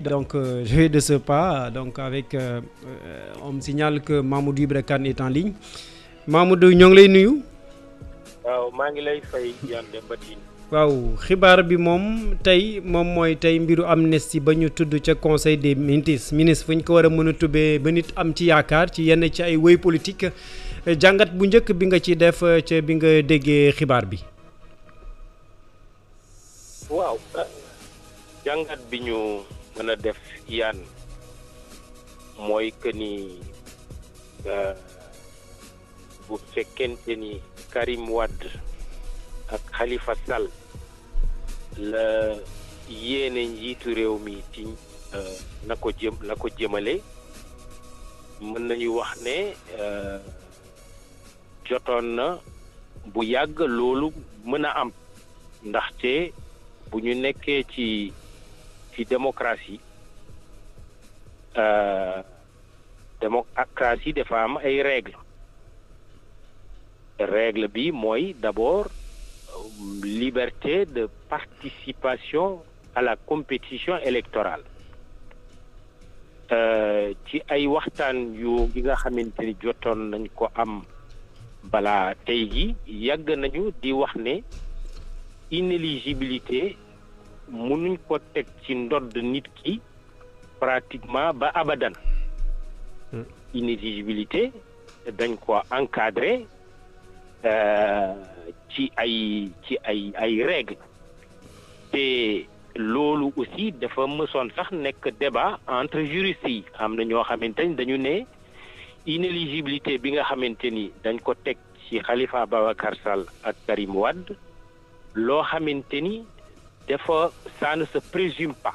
Donc, euh, de ce pas. Donc, avec, euh, euh on me signale que Mamoudou Ibrekan est en ligne. Mamoudou, nous sommes nous. maa ngi lay fay waaw xibaar bi moom tey moom mooy tey mbiru amnistie ba ñu tudd ca conseil des ministres ministre fu ñu ko war a mën a tubee ba nit am ci yaakaar ci yenn ci ay woy politique jàngat bu njëkk bi nga ci def euh, ca bi nga déggee xibaar bi. waaw jàngat bi ñu. mën a def yaan mooy que euh, bu fekkente ni Karim wàdd ak xalifa sal la yéene njiitu réew mi ci euh, na ko jëm la ko jëmale mën nañu wax ne euh, jotoon na bu yàgg loolu mën a am ndaxte bu ñu nekkee ci ci démocratie euh, démocratie dafa am ay règle règle bi mooy d'abord euh, liberté de participation à la compétition électorale euh, ci ay waxtaan yu yi nga xamante ni jotoon nañ ko am bala tey gi yàgg nañu di wax ne inéligibilité mënuñ ko teg ci ndodd nit ki pratiquement ba abadan hmm. inéligibilité dañ ko encadré euh, ci ay ci ay ay règle te loolu aussi dafa mësoon sax nekk débat entre juristes yi am na ñoo xamante ni dañu ne inéligibilité bi nga xamante ni dañ ko teg ci Khalifa Ababacar Sall ak Karim Wade loo xamante dafa ça ne se présume pas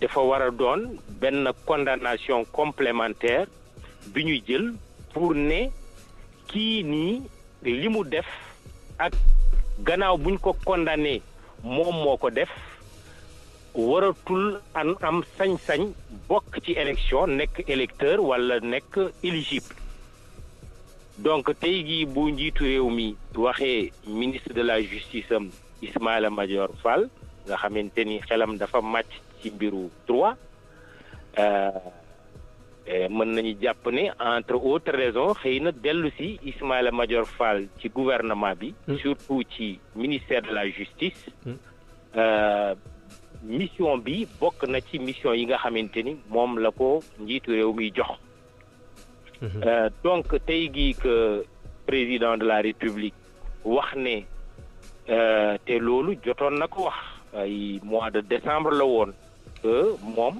dafa war a doon benn condamnation complémentaire bi ñu jël pour ne kii nii li mu def ak gannaaw buñ ko condamné moom moo ko def waratul an am sañ-sañ bokk ci élection nekk électeur walla nekk éligible donc tey jii bu njiitu réew mi waxee ministre de la justice am Ismaïla Madior Fall nga xamante ni xelam dafa màcc ci mbiru droit euh, mën nañu jàpp ne entre autres raisons xëy na dellusi si Ismaïla Madior Fall ci gouvernement bi. Hmm. surtout ci ministère de la justice. Hmm. Euh, mission bi bokk na ci mission yi nga xamante ni moom la ko njiitu réew mi jox. Hmm. Euh, donc tey gii que président de la république wax ne Euh, te loolu jotoon na ko wax mois de décembre la woon que moom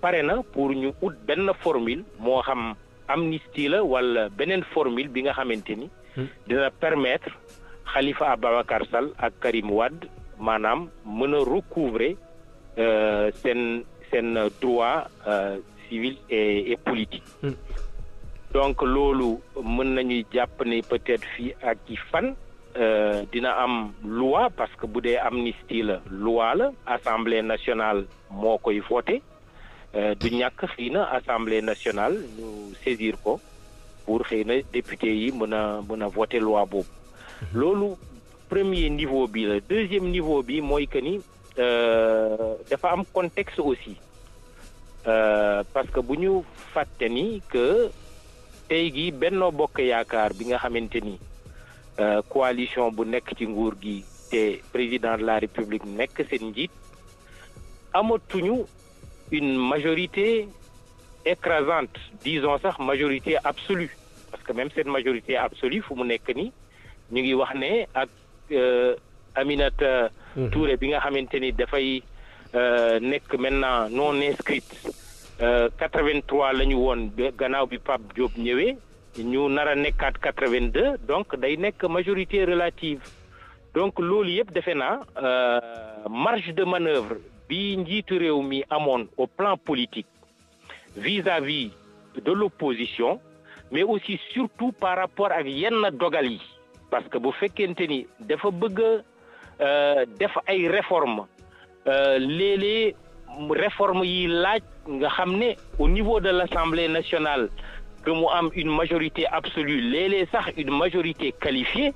pare na pour ñu ut benn formule moo xam amnistie la wala beneen formule bi nga xamante ni hmm. dina permettre Khalifa Ababacar Sall ak Karim Wade maanaam mën a recouvrer euh, seen seen droit euh, civil et et politique hmm. donc loolu mën nañuy jàpp ne peut-être fii ak i fan Euh, dina am loi parce que bu dee amnistie la loi la assemblée nationale moo koy voté euh, du ñàkk xëy na assemblée nationale ñu saisir ko pour xëy na député yi mën a mën a voté loi boobu loolu premier niveau bi la deuxième niveau bi mooy que ni euh, dafa am contexte aussi parce que bu ñu fàtte ni que tey gi Benno Bokk Yaakaar bi nga xamante ni Euh, coalition bu nekk ci nguur gi te président de la république nekk seen njiit amatuñu une majorité écrasante disons sax majorité absolue parce que même cette majorité absolue fu mu nekk ni ñu ngi wax ne ak euh, Aminata mhm. toure bi nga xamante ni dafay euh, nekk maintenant non inscrite quatre-vingt-trois la ñu woon gannaaw bi Pape Diop ñëwee ñu nar a nekkaat quatre-vingt-deux donc day nekk majorité relative donc loolu yëpp defe naa euh, marge de manœuvre bi njiitu réew mi amoon au plan politique vis-à-vis de l'opposition mais aussi surtout par rapport ak yenn dogal yi parce que bu fekkente ni dafa bëgg a euh, def ay réformes euh, léeg-léeg réforme yi laaj nga xam ne au niveau de l'Assemblée nationale que mu am une majorité absolue léeg-léeg sax une majorité qualifiée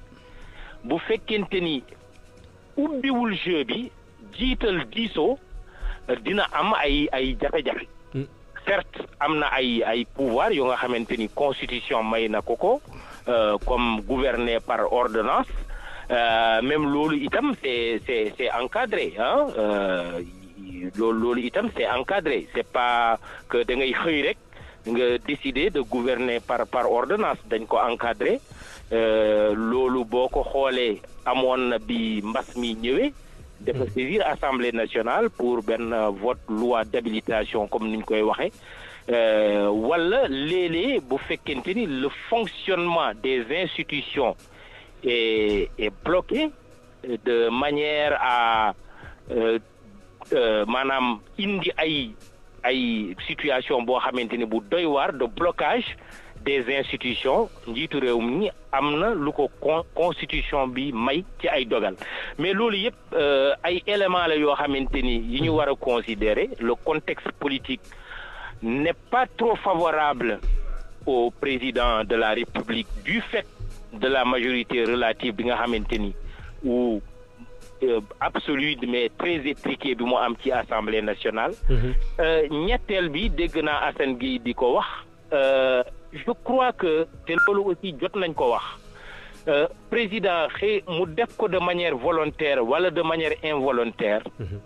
bu fekkente ni ubbiwul jeu bi jiital diisoo dina am ay ay jafe-jafe hmm. certes am na ay ay pouvoir yoo nga xamante ni constitution may na ko ko euh, comme gouverner par ordonnance euh, même loolu itam c'est c'est c'est encadré ah loolu loolu itam c'est encadré c'est pas que da ngay xëy rek nga décider de gouverner par par ordonnance dañ ko encadrer euh, loolu boo ko xoolee amoon na bi mbas mi ñëwee. dafa saisir assemblée nationale pour benn vote loi d'habilitation comme ni ñu koy waxee. Euh, wala léeg-léeg bu fekkente ni le fonctionnement des institutions est est bloqué de manière à euh, maanaam indi ay. ay situation boo xamante ni bu doy waar de blocage des institutions njiitu réew mi am na lu ko constitution bi may ci ay dogal mais loolu yëpp euh, ay éléments la yoo xamante ni yi ñu war a considérer le contexte politique n'est pas trop favorable au président de la République du fait de la majorité relative bi nga xamante ni ou Euh, absolue mais très étriqué bi mu am ci assemblée nationale. Mhm. Euh, ñetteel bi dégg naa Assane gi di ko wax. Euh, je crois que te loolu aussi jot nañ ko wax. président xëy mu def ko de manière volontaire wala de manière involontaire. Mhm.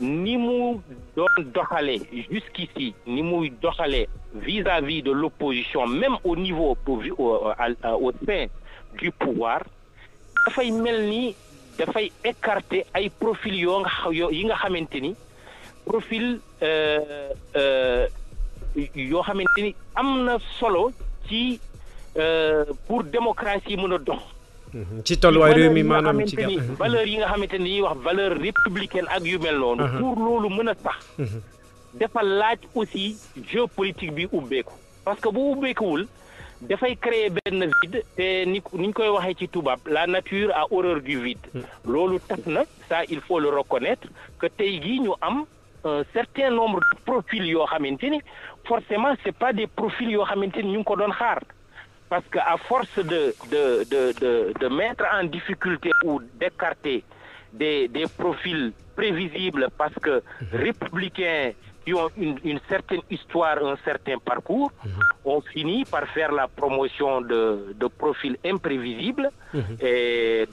ni mu doon doxalee jusqu'ici ni muy doxalee vis-à-vis de l'opposition même au niveau au au au sein du pouvoir dafay mel ni dafay écarter ay profil yoo nga yi nga xamante ni profil euh, euh, yoo xamante ni am na solo ci euh, pour démocratie mën a dox. Mhm. ci tolluwaay réew mi maanaam ci valeur yi nga xamante ni ñuy wax valeur républicaine ak yu mel noonu. Mhm. pour loolu mën a sax. Mhm. dafa laaj aussi géopolitique bi ubbeeku. parce que bu ubbeekuwul. dafay créer benn vide te ni ni ñu koy waxee ci tubaab la nature à horreur du vide hmm. loolu tax na ça il faut le reconnaître que tey jii ñu am un certain nombre de profils yoo xamante ni forcément c'est pas des profils yoo xamante ni ñu ngi ko doon xaar parce que à force de de de de de mettre en difficulté ou d'écarter des, des profils prévisibles parce que mhm. républicains qui ont une, une certaine histoire, un certain parcours, mm fini par fair la promotion de, de profils imprévisibles mm -hmm. et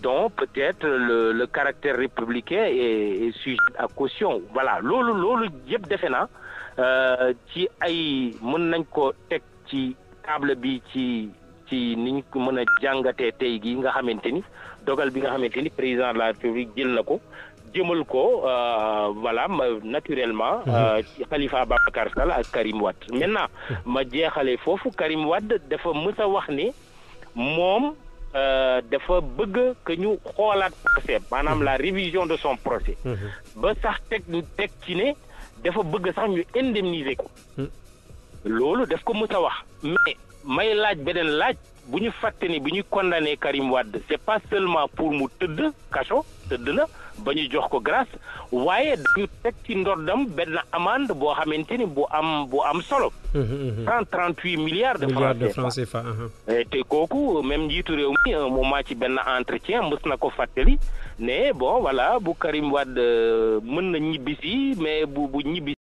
donc peut-être le, le, caractère républicain est, est, sujet à caution. Voilà, lolo lolo yep defena euh, ci ay mën nañ ko tek ci table bi ci ci niñ ko mëna jàngatee tey gi nga xamante ni dogal bi nga xamante ni président de la république jël na ko jëmal ko euh, voilà naturellement. Mhm. Euh, Khalifa Ababacar Sall ak Karim Wade maintenant mhm. ma jeexale foofu Karim Wade dafa mës a wax ni moom euh, dafa bëgg que ñu xoolaat procès maanaam mhm. la révision de son procès. ba sax teg teg ci ne dafa bëgg sax ñu indemniser ko. loolu daf ko mës a wax mais may laaj beneen laaj. bu ñu fàtte ni bi ñu condamné Karim wadd c'est pas seulement pour mu tëdd kaso tëdd na ba ñu jox ko grâce waaye dañu teg ci ndordam benn amende boo xamante ni bu am bu am solo. cent trente huit milliards de francs CFA uh-huh. eh, te kooku même njiitu réew mi moment ci benn entretien mës na ko fàttali ne bon voilà bu Karim wadd euh, mën na ñibbisi mais bu ñibbi